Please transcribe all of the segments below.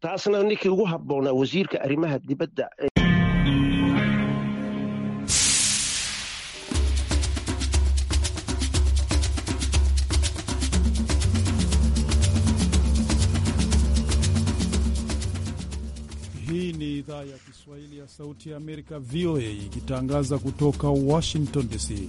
Taasna ninkii ugu haboonaa wasiirka arrimaha dibadda. Ee ni idhaa ya Kiswahili ya Sauti ya Amerika, VOA, ikitangaza kutoka Washington DC.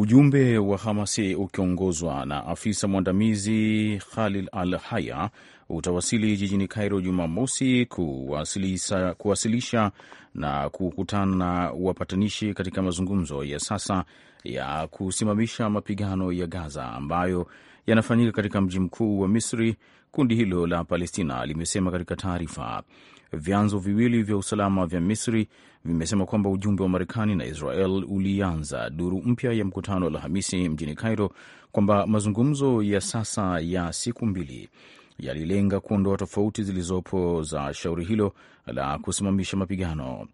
Ujumbe wa Hamasi ukiongozwa na afisa mwandamizi Khalil Al Haya utawasili jijini Cairo Jumamosi kuwasilisha, kuwasilisha na kukutana na wapatanishi katika mazungumzo ya sasa ya kusimamisha mapigano ya Gaza ambayo yanafanyika katika mji mkuu wa Misri. Kundi hilo la Palestina limesema katika taarifa. Vyanzo viwili vya usalama vya Misri vimesema kwamba ujumbe wa Marekani na Israel ulianza duru mpya ya mkutano Alhamisi mjini Cairo, kwamba mazungumzo ya sasa ya siku mbili yalilenga kuondoa tofauti zilizopo za shauri hilo la kusimamisha mapigano.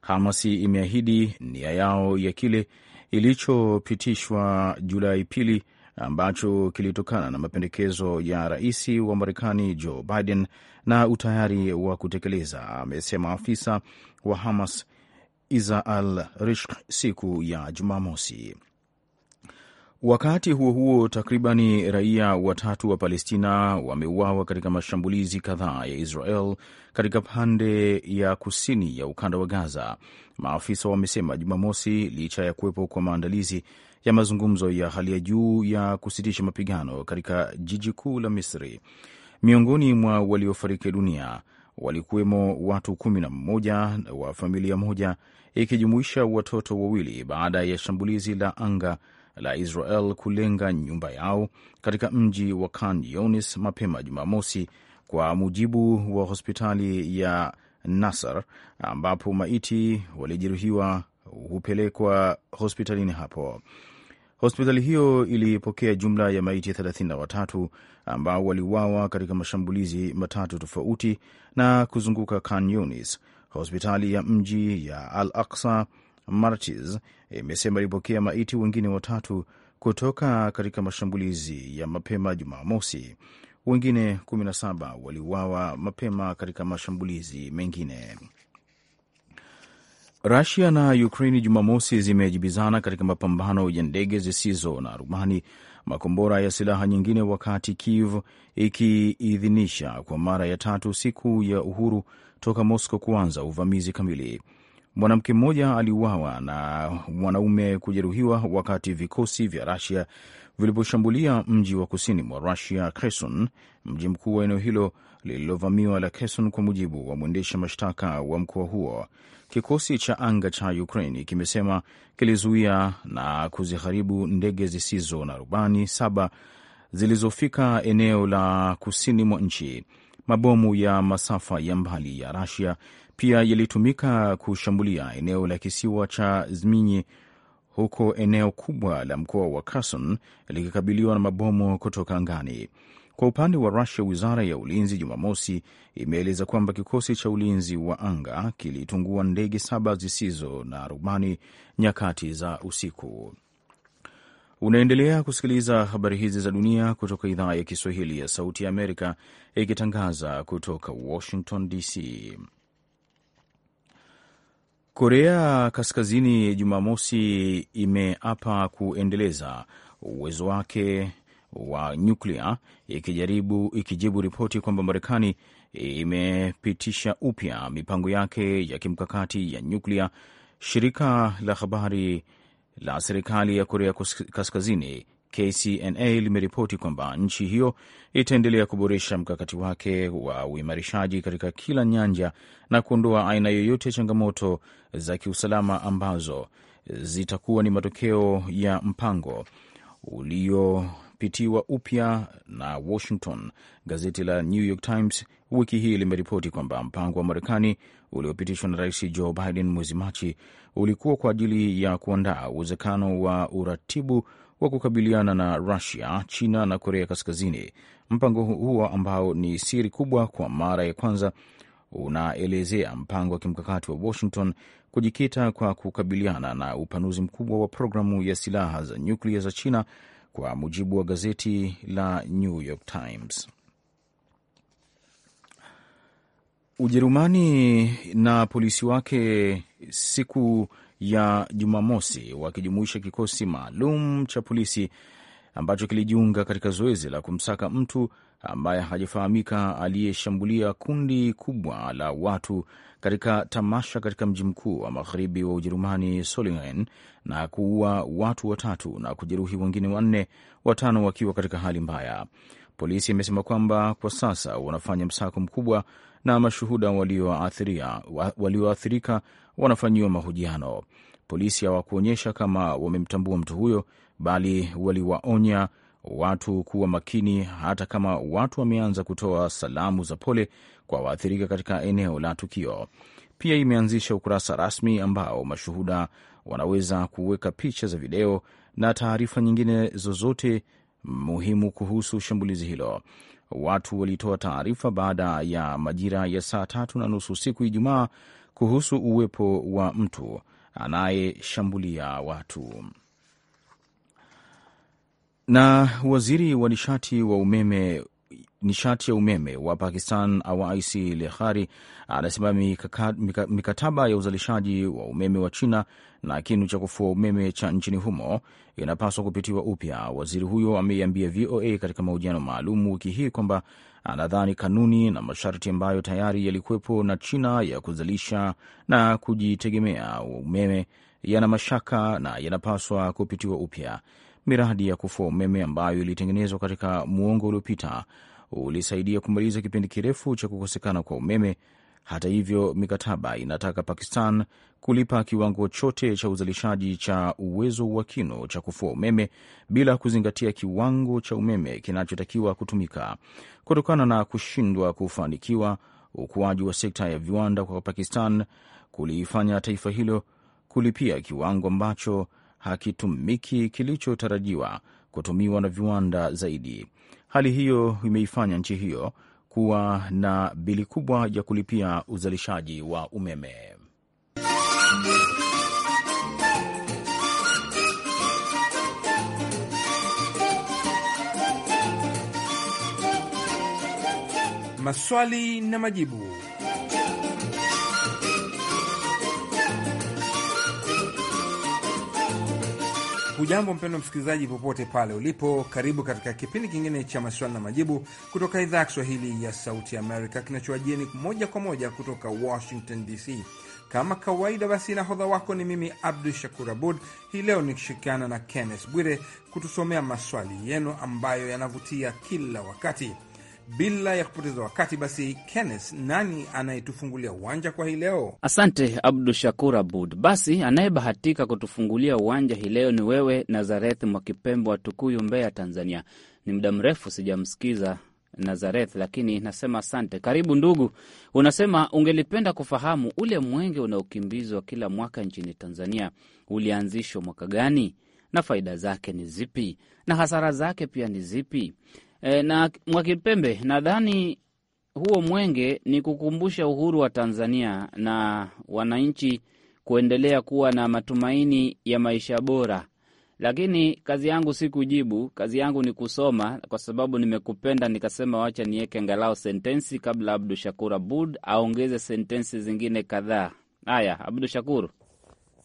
Hamasi imeahidi nia yao ya kile ilichopitishwa Julai pili ambacho kilitokana na mapendekezo ya rais wa Marekani Joe Biden na utayari wa kutekeleza, amesema afisa wa Hamas Iza al Rishk siku ya Jumamosi. Wakati huo huo, takribani raia watatu wa Palestina wameuawa katika mashambulizi kadhaa ya Israel katika pande ya kusini ya ukanda wa Gaza, maafisa wamesema Jumamosi, licha ya kuwepo kwa maandalizi ya mazungumzo ya hali ya juu ya kusitisha mapigano katika jiji kuu la Misri. Miongoni mwa waliofariki dunia walikuwemo watu kumi na mmoja wa familia moja ikijumuisha watoto wawili baada ya shambulizi la anga la Israel kulenga nyumba yao katika mji wa Khan Younis mapema Jumamosi, kwa mujibu wa hospitali ya Nasser ambapo maiti walijeruhiwa hupelekwa hospitalini hapo. Hospitali hiyo ilipokea jumla ya maiti 33 ambao waliuawa katika mashambulizi matatu tofauti na kuzunguka Khan Younis, Hospitali ya mji ya Al Aksa martis imesema ilipokea maiti wengine watatu kutoka katika mashambulizi ya mapema Jumamosi. Wengine 17 waliuawa mapema katika mashambulizi mengine. Rusia na Ukraini Jumamosi zimejibizana katika mapambano ya ndege zisizo na rubani, makombora ya silaha nyingine, wakati Kiev ikiidhinisha kwa mara ya tatu siku ya uhuru toka Moscow kuanza uvamizi kamili. Mwanamke mmoja aliuawa na mwanaume kujeruhiwa wakati vikosi vya Rusia viliposhambulia mji wa kusini mwa Rusia, Kherson, mji mkuu wa eneo hilo lililovamiwa la Kherson, kwa mujibu wa mwendesha mashtaka wa mkoa huo. Kikosi cha anga cha Ukraini kimesema kilizuia na kuziharibu ndege zisizo na rubani saba zilizofika eneo la kusini mwa nchi. Mabomu ya masafa ya mbali ya Rasia pia yalitumika kushambulia eneo la kisiwa cha Zminyi, huko eneo kubwa la mkoa wa Kherson likikabiliwa na mabomu kutoka angani. Kwa upande wa Rusia, wizara ya ulinzi Jumamosi imeeleza kwamba kikosi cha ulinzi wa anga kilitungua ndege saba zisizo na rubani nyakati za usiku. Unaendelea kusikiliza habari hizi za dunia kutoka idhaa ya Kiswahili ya Sauti ya Amerika, ikitangaza kutoka Washington DC. Korea Kaskazini Jumamosi imeapa kuendeleza uwezo wake wa nyuklia ikijaribu ikijibu ripoti kwamba Marekani imepitisha upya mipango yake ya kimkakati ya nyuklia. Shirika la habari la serikali ya Korea Kaskazini KCNA limeripoti kwamba nchi hiyo itaendelea kuboresha mkakati wake wa uimarishaji katika kila nyanja na kuondoa aina yoyote ya changamoto za kiusalama ambazo zitakuwa ni matokeo ya mpango ulio kupitiwa upya na Washington. Gazeti la New York Times wiki hii limeripoti kwamba mpango wa Marekani uliopitishwa na Rais Joe Biden mwezi Machi ulikuwa kwa ajili ya kuandaa uwezekano wa uratibu wa kukabiliana na Rusia, China na Korea Kaskazini. Mpango huo ambao ni siri kubwa, kwa mara ya kwanza unaelezea mpango wa kimkakati wa Washington kujikita kwa kukabiliana na upanuzi mkubwa wa programu ya silaha za nyuklia za China kwa mujibu wa gazeti la New York Times. Ujerumani na polisi wake siku ya Jumamosi wakijumuisha kikosi maalum cha polisi ambacho kilijiunga katika zoezi la kumsaka mtu ambaye hajafahamika aliyeshambulia kundi kubwa la watu katika tamasha katika mji mkuu wa magharibi wa Ujerumani, Solingen, na kuua watu watatu na kujeruhi wengine wanne, watano wakiwa katika hali mbaya. Polisi imesema kwamba kwa sasa wanafanya msako mkubwa na mashuhuda walioathirika wa, walioathirika wanafanyiwa mahojiano. Polisi hawakuonyesha kama wamemtambua mtu huyo, bali waliwaonya watu kuwa makini, hata kama watu wameanza kutoa salamu za pole kwa waathirika katika eneo la tukio. Pia imeanzisha ukurasa rasmi ambao mashuhuda wanaweza kuweka picha za video na taarifa nyingine zozote muhimu kuhusu shambulizi hilo. Watu walitoa taarifa baada ya majira ya saa tatu na nusu siku Ijumaa kuhusu uwepo wa mtu anayeshambulia watu. Na waziri wa nishati wa umeme nishati ya umeme wa Pakistan Awaisi Lehari anasema mikataba ya uzalishaji wa umeme wa China na kinu cha kufua umeme cha nchini humo inapaswa kupitiwa upya. Waziri huyo ameiambia VOA katika mahojiano maalum wiki hii kwamba anadhani kanuni na masharti ambayo tayari yalikuwepo na China ya kuzalisha na kujitegemea umeme yana mashaka na yanapaswa kupitiwa upya. Miradi ya kufua umeme ambayo ilitengenezwa katika muongo uliopita ulisaidia kumaliza kipindi kirefu cha kukosekana kwa umeme. Hata hivyo, mikataba inataka Pakistan kulipa kiwango chote cha uzalishaji cha uwezo wa kino cha kufua umeme bila kuzingatia kiwango cha umeme kinachotakiwa kutumika. Kutokana na kushindwa kufanikiwa ukuaji wa sekta ya viwanda kwa Pakistan kuliifanya taifa hilo kulipia kiwango ambacho hakitumiki kilichotarajiwa kutumiwa na viwanda zaidi. Hali hiyo imeifanya nchi hiyo kuwa na bili kubwa ya kulipia uzalishaji wa umeme. Maswali na majibu. Hujambo mpendo msikilizaji, popote pale ulipo, karibu katika kipindi kingine cha maswali na majibu kutoka idhaa ya Kiswahili ya Sauti Amerika, kinachoajieni moja kwa moja kutoka Washington DC. Kama kawaida, basi nahodha wako ni mimi Abdu Shakur Abud, hii leo nikishirikiana na Kenneth Bwire kutusomea maswali yenu ambayo yanavutia kila wakati. Bila ya kupoteza wakati, basi Kenneth, nani anayetufungulia uwanja kwa hii leo? Asante Abdu Shakur Abud. Basi anayebahatika kutufungulia uwanja hii leo ni wewe Nazareth Mwakipembo wa Tukuyu, Mbeya, Tanzania. Ni muda mrefu sijamsikiza Nazareth, lakini nasema asante. Karibu ndugu. Unasema ungelipenda kufahamu ule mwenge unaokimbizwa kila mwaka nchini Tanzania ulianzishwa mwaka gani, na faida zake ni zipi, na hasara zake pia ni zipi? E, na Mwakipembe, nadhani huo mwenge ni kukumbusha uhuru wa Tanzania na wananchi kuendelea kuwa na matumaini ya maisha bora. Lakini kazi yangu si kujibu, kazi yangu ni kusoma, kwa sababu nimekupenda nikasema wacha niweke ngalao sentensi kabla Abdu Shakur Abud aongeze sentensi zingine kadhaa. Haya, Abdu Shakur.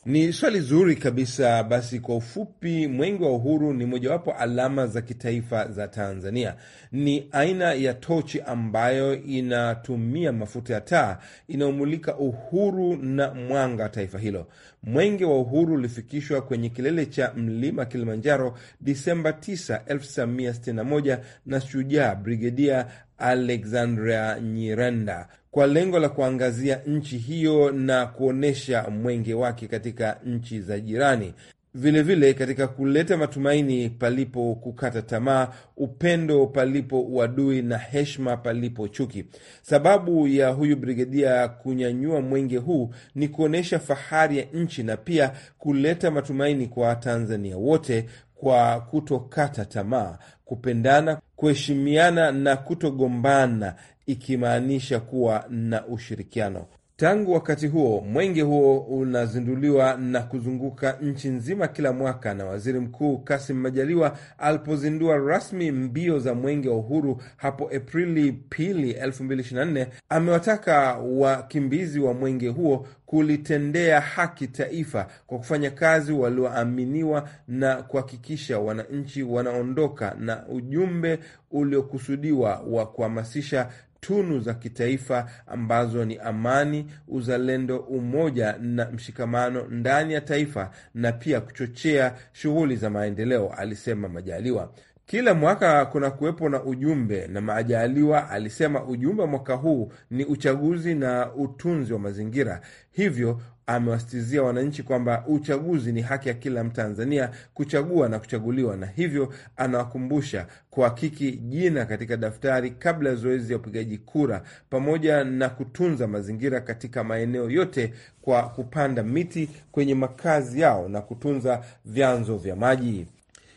Ni swali zuri kabisa. Basi kwa ufupi, Mwenge wa Uhuru ni mojawapo alama za kitaifa za Tanzania. Ni aina ya tochi ambayo inatumia mafuta ya taa inayomulika uhuru na mwanga wa taifa hilo. Mwenge wa Uhuru ulifikishwa kwenye kilele cha mlima Kilimanjaro Disemba 9, 1961 na shujaa Brigedia Alexandria Nyirenda kwa lengo la kuangazia nchi hiyo na kuonyesha mwenge wake katika nchi za jirani, vilevile vile katika kuleta matumaini palipo kukata tamaa, upendo palipo uadui, na heshima palipo chuki. Sababu ya huyu brigedia kunyanyua mwenge huu ni kuonyesha fahari ya nchi na pia kuleta matumaini kwa Watanzania wote kwa kutokata tamaa, kupendana, kuheshimiana na kutogombana, ikimaanisha kuwa na ushirikiano. Tangu wakati huo mwenge huo unazinduliwa na kuzunguka nchi nzima kila mwaka, na waziri mkuu Kasim Majaliwa alipozindua rasmi mbio za mwenge wa uhuru hapo Aprili pili 2024 amewataka wakimbizi wa mwenge huo kulitendea haki taifa kwa kufanya kazi walioaminiwa na kuhakikisha wananchi wanaondoka na ujumbe uliokusudiwa wa kuhamasisha tunu za kitaifa ambazo ni amani, uzalendo, umoja na mshikamano ndani ya taifa na pia kuchochea shughuli za maendeleo, alisema Majaliwa. Kila mwaka kuna kuwepo na ujumbe na maajaliwa alisema ujumbe wa mwaka huu ni uchaguzi na utunzi wa mazingira, hivyo amewasitizia wananchi kwamba uchaguzi ni haki ya kila Mtanzania kuchagua na kuchaguliwa, na hivyo anawakumbusha kuhakiki jina katika daftari kabla ya zoezi ya upigaji kura, pamoja na kutunza mazingira katika maeneo yote kwa kupanda miti kwenye makazi yao na kutunza vyanzo vya maji.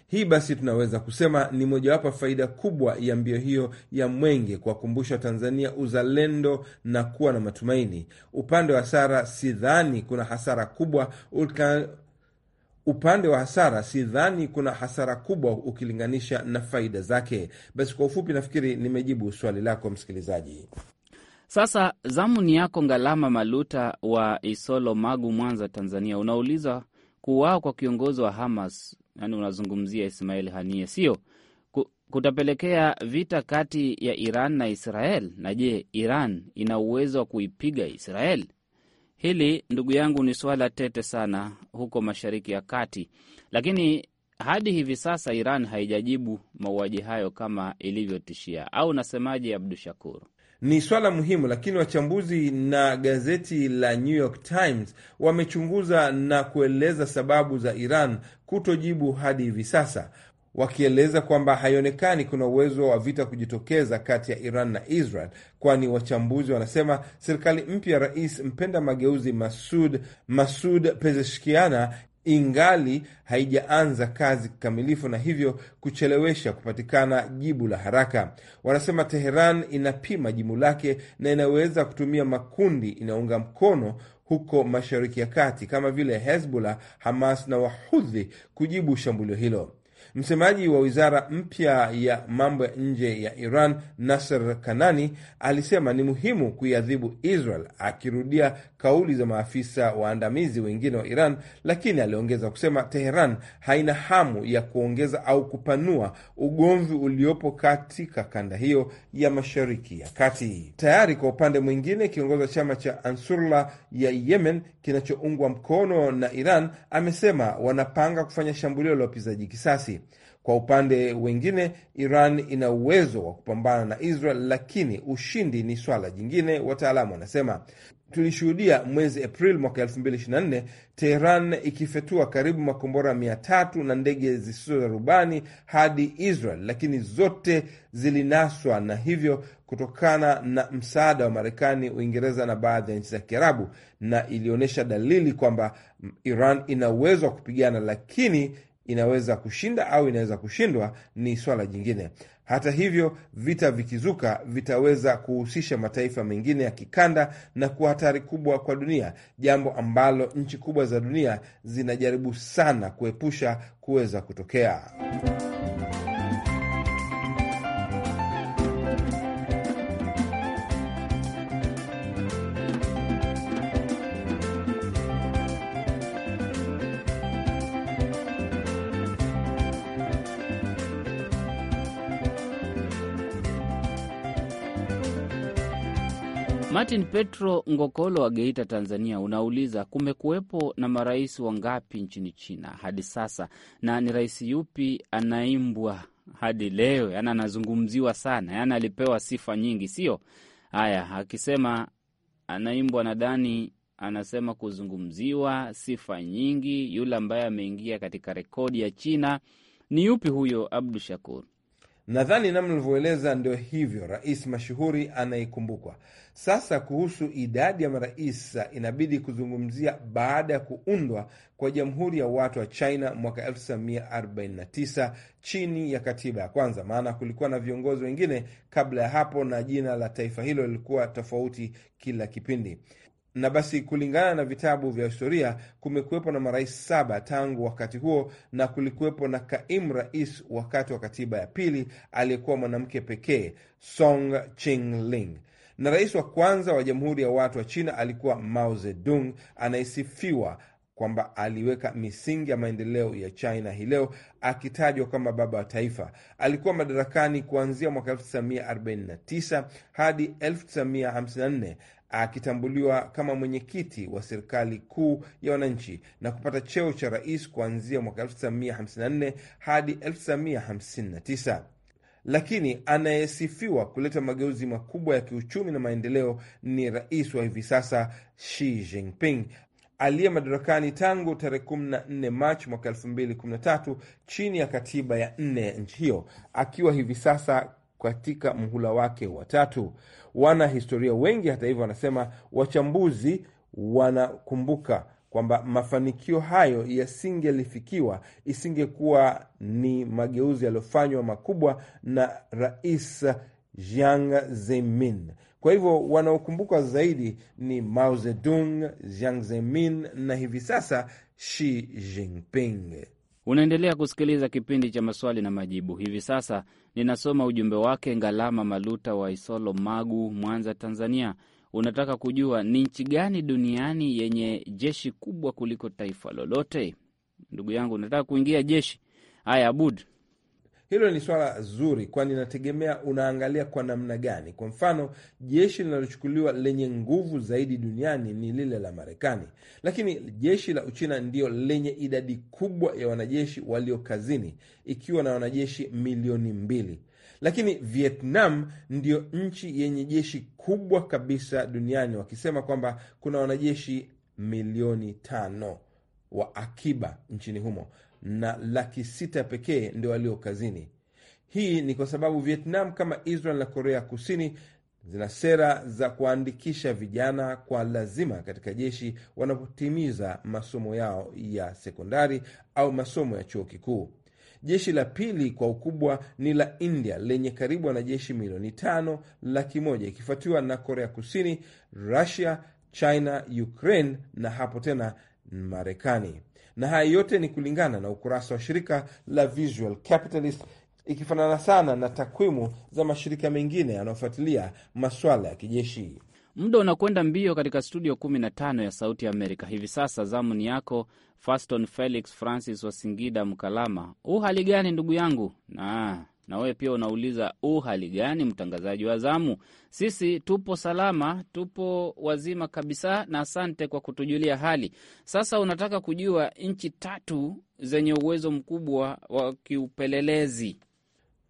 Hii basi tunaweza kusema ni mojawapo faida kubwa ya mbio hiyo ya mwenge, kuwakumbusha Watanzania uzalendo na kuwa na matumaini. Upande wa hasara, sidhani kuna hasara kubwa ulka... Upande wa hasara sidhani kuna hasara kubwa ukilinganisha na faida zake. Basi kwa ufupi, nafikiri nimejibu swali lako msikilizaji. Sasa zamu ni yako. Ngalama Maluta wa Isolo, Magu, Mwanza, Tanzania, unauliza kuuawa kwa kiongozi wa Hamas yani unazungumzia Ismail Hanie, sio kutapelekea vita kati ya Iran na Israel. Na je, Iran ina uwezo wa kuipiga Israel? Hili ndugu yangu ni swala tete sana huko Mashariki ya Kati, lakini hadi hivi sasa Iran haijajibu mauaji hayo kama ilivyotishia, au nasemaji Abdu Shakur? Ni swala muhimu, lakini wachambuzi na gazeti la New York Times wamechunguza na kueleza sababu za Iran kutojibu hadi hivi sasa, wakieleza kwamba haionekani kuna uwezo wa vita kujitokeza kati ya Iran na Israel, kwani wachambuzi wanasema serikali mpya ya Rais mpenda mageuzi Masud Masud Pezeshkiana ingali haijaanza kazi kikamilifu na hivyo kuchelewesha kupatikana jibu la haraka. Wanasema Teheran inapima jibu lake na inaweza kutumia makundi inaunga mkono huko Mashariki ya Kati kama vile Hezbollah, Hamas na Wahudhi kujibu shambulio hilo. Msemaji wa wizara mpya ya mambo ya nje ya Iran, Nasser Kanani, alisema ni muhimu kuiadhibu Israel, akirudia kauli za maafisa waandamizi wengine wa Iran, lakini aliongeza kusema Teheran haina hamu ya kuongeza au kupanua ugomvi uliopo katika kanda hiyo ya Mashariki ya Kati. Tayari kwa upande mwingine, kiongozi wa chama cha Ansurla ya Yemen kinachoungwa mkono na Iran amesema wanapanga kufanya shambulio la upizaji kisasi. Kwa upande wengine, Iran ina uwezo wa kupambana na Israel, lakini ushindi ni swala jingine, wataalamu wanasema. Tulishuhudia mwezi Aprili mwaka 2024 Teheran ikifyatua karibu makombora mia tatu na ndege zisizo za rubani hadi Israel, lakini zote zilinaswa, na hivyo kutokana na msaada wa Marekani, Uingereza na baadhi ya nchi za Kiarabu, na ilionyesha dalili kwamba Iran ina uwezo wa kupigana, lakini inaweza kushinda au inaweza kushindwa ni swala jingine. Hata hivyo, vita vikizuka vitaweza kuhusisha mataifa mengine ya kikanda na kuwa hatari kubwa kwa dunia, jambo ambalo nchi kubwa za dunia zinajaribu sana kuepusha kuweza kutokea. Martin Petro Ngokolo wa Geita, Tanzania, unauliza kumekuwepo na marais wangapi nchini China hadi sasa na ni rais yupi anaimbwa hadi leo? Yaani anazungumziwa sana, yaani alipewa sifa nyingi, sio? Haya, akisema anaimbwa, nadhani anasema kuzungumziwa, sifa nyingi, yule ambaye ameingia katika rekodi ya China ni yupi huyo? Abdu Shakur. Nadhani namna ulivyoeleza ndio hivyo, rais mashuhuri anayekumbukwa. Sasa kuhusu idadi ya marais inabidi kuzungumzia baada ya kuundwa kwa Jamhuri ya Watu wa China mwaka 1949 chini ya katiba ya kwanza, maana kulikuwa na viongozi wengine kabla ya hapo, na jina la taifa hilo lilikuwa tofauti kila kipindi na basi, kulingana na vitabu vya historia, kumekuwepo na marais saba tangu wakati huo, na kulikuwepo na kaimu rais wakati wa katiba ya pili aliyekuwa mwanamke pekee, Song Chingling na rais wa kwanza wa Jamhuri ya Watu wa China alikuwa Mao Zedong anayesifiwa kwamba aliweka misingi ya maendeleo ya China hii leo, akitajwa kama baba wa taifa. Alikuwa madarakani kuanzia mwaka 1949 hadi 1954 akitambuliwa kama mwenyekiti wa serikali kuu ya wananchi na kupata cheo cha rais kuanzia mwaka 1954 hadi 1959. Lakini anayesifiwa kuleta mageuzi makubwa ya kiuchumi na maendeleo ni rais wa hivi sasa Xi Jinping aliye madarakani tangu tarehe 14 Machi mwaka 2013 chini ya katiba ya nne ya nchi hiyo, akiwa hivi sasa katika mhula wake watatu. Wanahistoria wengi hata hivyo, wanasema wachambuzi wanakumbuka kwamba mafanikio hayo yasingelifikiwa isingekuwa ni mageuzi yaliyofanywa makubwa na Rais Jiang Zemin. Kwa hivyo wanaokumbuka zaidi ni Mao Zedong, Jiang Zemin na hivi sasa Xi Jinping. Unaendelea kusikiliza kipindi cha maswali na majibu. Hivi sasa Ninasoma ujumbe wake. Ngalama Maluta wa Isolo, Magu, Mwanza, Tanzania, unataka kujua ni nchi gani duniani yenye jeshi kubwa kuliko taifa lolote? Ndugu yangu, unataka kuingia jeshi? Haya, Abud, hilo ni swala zuri, kwani inategemea unaangalia kwa namna gani. Kwa mfano, jeshi linalochukuliwa lenye nguvu zaidi duniani ni lile la Marekani, lakini jeshi la Uchina ndiyo lenye idadi kubwa ya wanajeshi walio kazini, ikiwa na wanajeshi milioni mbili. Lakini Vietnam ndiyo nchi yenye jeshi kubwa kabisa duniani, wakisema kwamba kuna wanajeshi milioni tano wa akiba nchini humo na laki sita pekee ndio walio kazini. Hii ni kwa sababu Vietnam kama Israel na Korea Kusini zina sera za kuandikisha vijana kwa lazima katika jeshi wanapotimiza masomo yao ya sekondari au masomo ya chuo kikuu. Jeshi la pili kwa ukubwa ni la India lenye karibu wanajeshi milioni tano laki moja ikifuatiwa na Korea Kusini, Rusia, China, Ukraine na hapo tena Marekani. Na haya yote ni kulingana na ukurasa wa shirika la Visual Capitalist, ikifanana sana na takwimu za mashirika mengine yanayofuatilia masuala ya kijeshi. Muda unakwenda mbio katika studio 15 ya Sauti ya Amerika. Hivi sasa zamu ni yako Faston Felix Francis wa Singida Mkalama. U hali gani ndugu yangu? na na wewe pia unauliza u hali gani, mtangazaji wa zamu? Sisi tupo salama, tupo wazima kabisa, na asante kwa kutujulia hali. Sasa unataka kujua nchi tatu zenye uwezo mkubwa wa kiupelelezi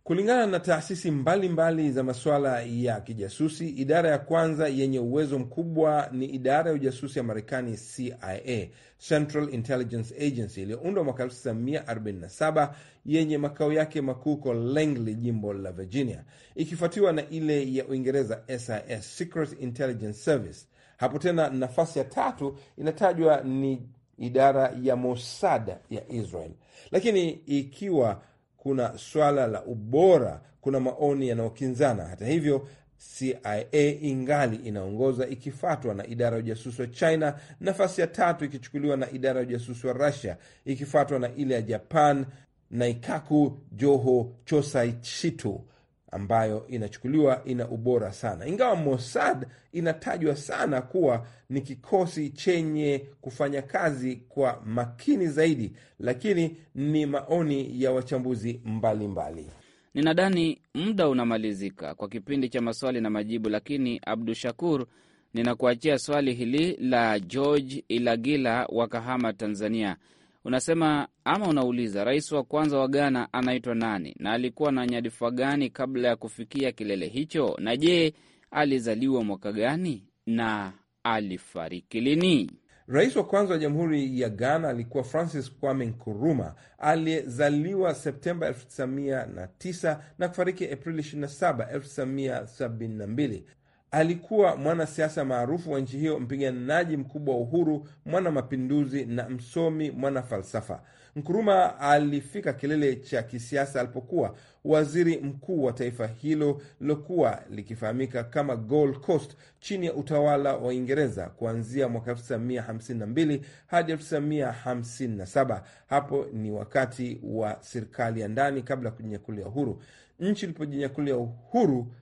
Kulingana na taasisi mbalimbali mbali za masuala ya kijasusi, idara ya kwanza yenye uwezo mkubwa ni idara ya ujasusi ya Marekani, CIA, Central Intelligence Agency, iliyoundwa mwaka 1947 yenye makao yake makuu ko Langley, jimbo la Virginia, ikifuatiwa na ile ya Uingereza, SIS, Secret Intelligence Service. Hapo tena nafasi ya tatu inatajwa ni idara ya Mossad ya Israel, lakini ikiwa kuna swala la ubora, kuna maoni yanayokinzana. Hata hivyo CIA ingali inaongoza ikifatwa na idara ya ujasusi wa China, nafasi ya tatu ikichukuliwa na idara ya ujasusi wa Russia, ikifatwa na ile ya Japan, Naikaku, Joho, chosaichito ambayo inachukuliwa ina ubora sana, ingawa Mossad inatajwa sana kuwa ni kikosi chenye kufanya kazi kwa makini zaidi, lakini ni maoni ya wachambuzi mbalimbali. Ninadhani muda unamalizika kwa kipindi cha maswali na majibu, lakini Abdu Shakur, ninakuachia swali hili la George Ilagila wa Kahama, Tanzania unasema ama unauliza rais wa kwanza wa Ghana anaitwa nani na alikuwa na nyadifa gani kabla ya kufikia kilele hicho, na je, alizaliwa mwaka gani na alifariki lini? Rais wa kwanza wa jamhuri ya Ghana alikuwa Francis Kwame Nkuruma aliyezaliwa Septemba 1909 na kufariki Aprili 27, 1972. Alikuwa mwanasiasa maarufu wa nchi hiyo, mpiganaji mkubwa wa uhuru, mwana mapinduzi na msomi, mwana falsafa. Nkuruma alifika kilele cha kisiasa alipokuwa waziri mkuu wa taifa hilo lilokuwa likifahamika kama Gold Coast chini ya utawala wa Uingereza kuanzia mwaka 1952 hadi 1957. Hapo ni wakati wa serikali ya ndani kabla ya kujinyakulia uhuru. Nchi ilipojinyakulia uhuru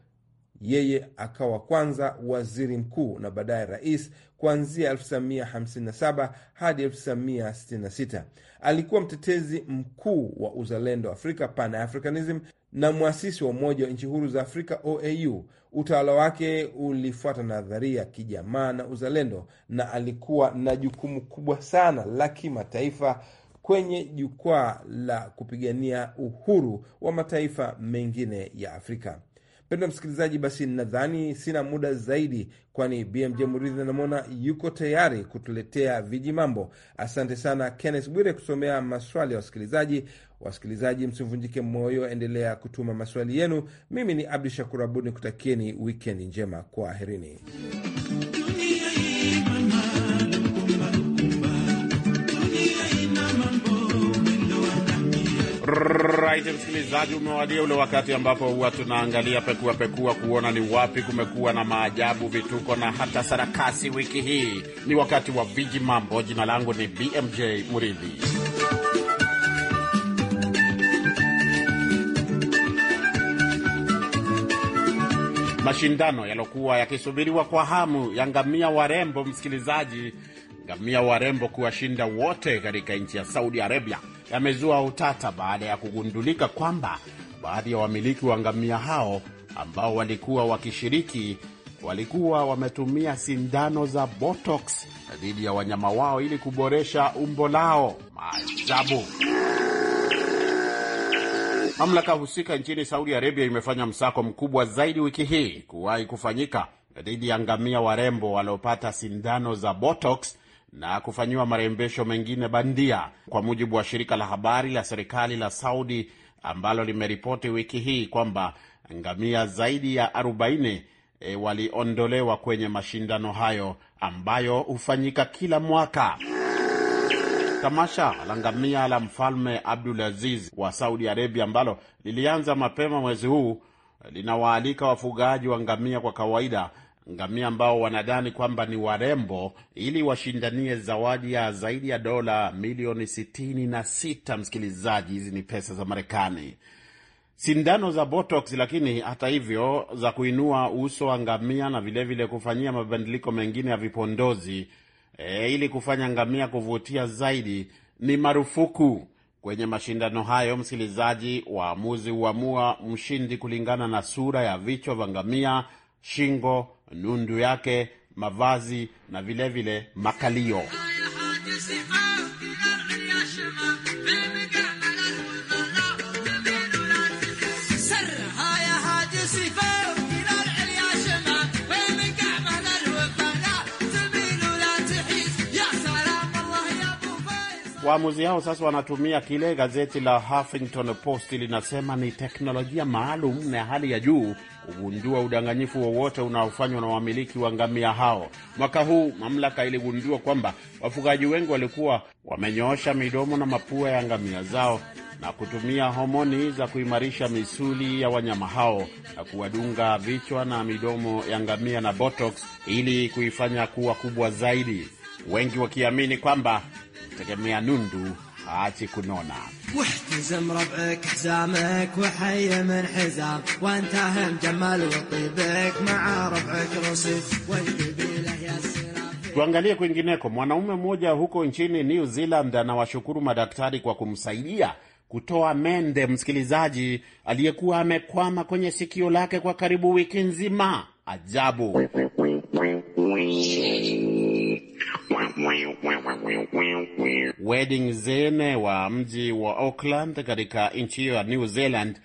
yeye akawa kwanza waziri mkuu na baadaye rais kuanzia 1957 hadi 1966. Alikuwa mtetezi mkuu wa uzalendo Afrika, Pan-Africanism, na mwasisi wa Umoja wa Nchi Huru za Afrika, OAU. Utawala wake ulifuata nadharia kijamaa na uzalendo, na alikuwa na jukumu kubwa sana la kimataifa kwenye jukwaa la kupigania uhuru wa mataifa mengine ya Afrika. Mpendwa msikilizaji, basi nadhani sina muda zaidi, kwani BMJ Muridhi namwona yuko tayari kutuletea viji mambo. Asante sana Kenneth Bwire kusomea maswali ya wasikilizaji. Wasikilizaji, msivunjike moyo, endelea kutuma maswali yenu. Mimi ni Abdu Shakur Abud nikutakieni wikendi njema, kwaherini. right, msikilizaji, umewadia ule wakati ambapo huwa tunaangalia pekua pekua kuona ni wapi kumekuwa na maajabu, vituko na hata sarakasi. Wiki hii ni wakati wa viji mambo. Jina langu ni BMJ Muridhi. Mashindano yalokuwa yakisubiriwa kwa hamu ya ngamia warembo, msikilizaji, ngamia warembo kuwashinda wote katika nchi ya Saudi Arabia yamezua utata baada ya kugundulika kwamba baadhi ya wamiliki wa ngamia hao ambao walikuwa wakishiriki walikuwa wametumia sindano za botox dhidi ya wanyama wao ili kuboresha umbo lao. Maajabu! Mamlaka husika nchini Saudi Arabia imefanya msako mkubwa zaidi wiki hii kuwahi kufanyika dhidi ya ngamia warembo waliopata sindano za botox na kufanyiwa marembesho mengine bandia, kwa mujibu wa shirika la habari la serikali la Saudi ambalo limeripoti wiki hii kwamba ngamia zaidi ya 40 e, waliondolewa kwenye mashindano hayo ambayo hufanyika kila mwaka. Tamasha la ngamia la Mfalme abdul aziz wa Saudi Arabia ambalo lilianza mapema mwezi huu linawaalika wafugaji wa ngamia kwa kawaida ngamia ambao wanadhani kwamba ni warembo ili washindanie zawadi ya zaidi ya dola milioni sitini na sita. Msikilizaji, hizi ni pesa za Marekani. Sindano za botox lakini hata hivyo za kuinua uso wa ngamia na vilevile vile kufanyia mabadiliko mengine ya vipondozi e, ili kufanya ngamia kuvutia zaidi ni marufuku kwenye mashindano hayo. Msikilizaji, waamuzi huamua mshindi kulingana na sura ya vichwa vya ngamia, shingo nundu yake, mavazi na vilevile vile makalio. Waamuzi hao sasa wanatumia kile gazeti la Huffington Post linasema ni teknolojia maalum na hali ya juu kugundua udanganyifu wowote unaofanywa na wamiliki wa ngamia hao. Mwaka huu mamlaka iligundua kwamba wafugaji wengi walikuwa wamenyoosha midomo na mapua ya ngamia zao na kutumia homoni za kuimarisha misuli ya wanyama hao na kuwadunga vichwa na midomo ya ngamia na botox ili kuifanya kuwa kubwa zaidi, wengi wakiamini kwamba tegemea nundu aache kunona Tuangalie kwingineko. Mwanaume mmoja huko nchini New Zealand anawashukuru madaktari kwa kumsaidia kutoa mende msikilizaji aliyekuwa amekwama kwenye sikio lake kwa karibu wiki nzima. Ajabu. Wedding zene wa mji wa Auckland katika nchi hiyo ya New Zealand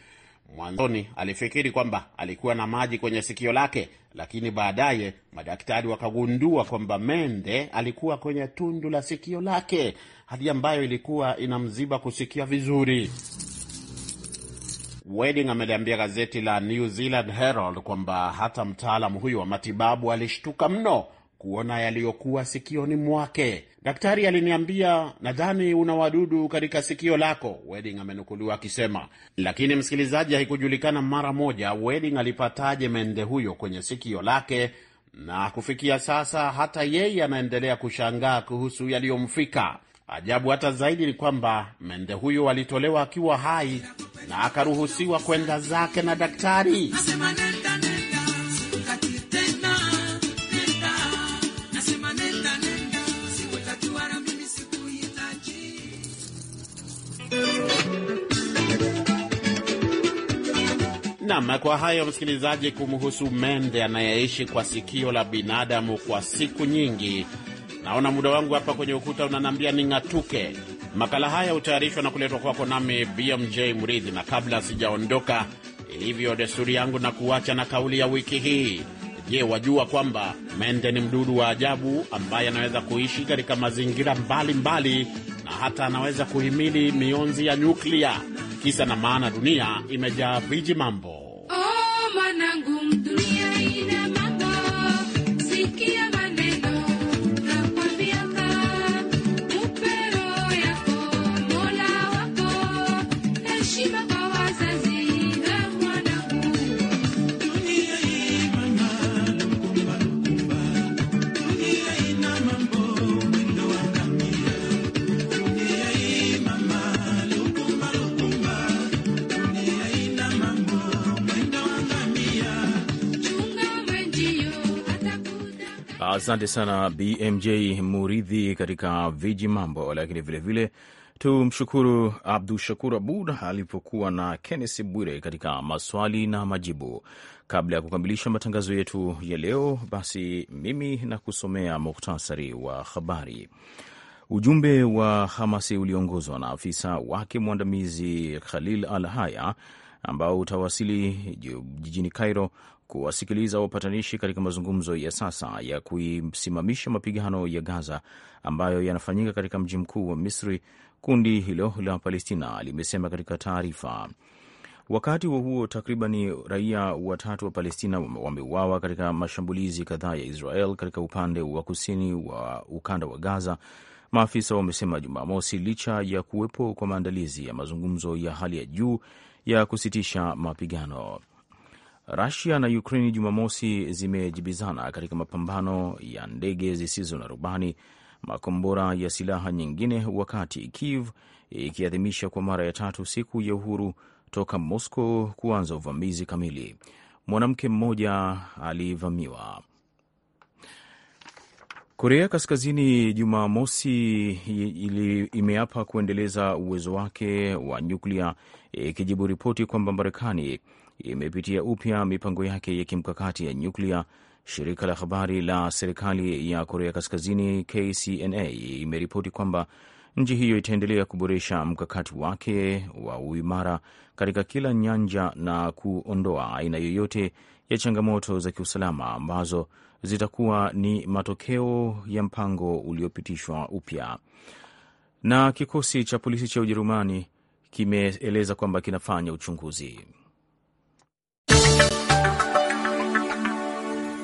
mwanzoni alifikiri kwamba alikuwa na maji kwenye sikio lake, lakini baadaye madaktari wakagundua kwamba mende alikuwa kwenye tundu la sikio lake, hali ambayo ilikuwa inamziba kusikia vizuri. Wedding ameliambia gazeti la New Zealand Herald kwamba hata mtaalamu huyo wa matibabu alishtuka mno kuona yaliyokuwa sikioni mwake. Daktari aliniambia, nadhani una wadudu katika sikio lako, Wedding amenukuliwa akisema. Lakini msikilizaji, haikujulikana mara moja Wedding alipataje mende huyo kwenye sikio lake, na kufikia sasa hata yeye anaendelea kushangaa kuhusu yaliyomfika. Ajabu hata zaidi ni kwamba mende huyo alitolewa akiwa hai na akaruhusiwa kwenda zake na daktari. Nam, kwa hayo msikilizaji, kumhusu mende anayeishi kwa sikio la binadamu kwa siku nyingi. Naona muda wangu hapa kwenye ukuta ni ning'atuke. Makala haya hutayarishwa na kuletwa kwako nami BMJ Mridhi, na kabla sijaondoka, ilivyo desturi yangu, na kuacha na kauli ya wiki hii. Je, wajua kwamba mende ni mdudu wa ajabu ambaye anaweza kuishi katika mazingira mbalimbali mbali, na hata anaweza kuhimili mionzi ya nyuklia? Kisa na maana, dunia imejaa viji mambo. Oh, manangu, dunia Asante sana BMJ Muridhi katika viji mambo. Lakini vilevile tumshukuru Abdu Shakur Abud alipokuwa na Kennes Bwire katika maswali na majibu. Kabla ya kukamilisha matangazo yetu ya leo, basi mimi na kusomea muhtasari wa habari. Ujumbe wa Hamasi uliongozwa na afisa wake mwandamizi Khalil Al Haya ambao utawasili jijini Cairo kuwasikiliza wapatanishi katika mazungumzo ya sasa ya kuisimamisha mapigano ya Gaza ambayo yanafanyika katika mji mkuu wa Misri, kundi hilo la Palestina limesema katika taarifa. Wakati huo huo, takribani raia watatu wa Palestina wameuawa katika mashambulizi kadhaa ya Israel katika upande wa kusini wa ukanda wa Gaza, maafisa wamesema Jumamosi, licha ya kuwepo kwa maandalizi ya mazungumzo ya hali ya juu ya kusitisha mapigano. Rusia na Ukraini Jumamosi zimejibizana katika mapambano ya ndege zisizo na rubani, makombora ya silaha nyingine, wakati Kiev ikiadhimisha kwa mara ya tatu siku ya uhuru toka Moscow kuanza uvamizi kamili. Mwanamke mmoja alivamiwa Korea Kaskazini Jumamosi imeapa kuendeleza uwezo wake wa nyuklia ikijibu ripoti kwamba Marekani imepitia upya mipango yake ya kimkakati ya nyuklia. Shirika la habari la serikali ya Korea Kaskazini KCNA imeripoti kwamba nchi hiyo itaendelea kuboresha mkakati wake wa uimara katika kila nyanja na kuondoa aina yoyote ya changamoto za kiusalama ambazo zitakuwa ni matokeo ya mpango uliopitishwa upya. Na kikosi cha polisi cha Ujerumani kimeeleza kwamba kinafanya uchunguzi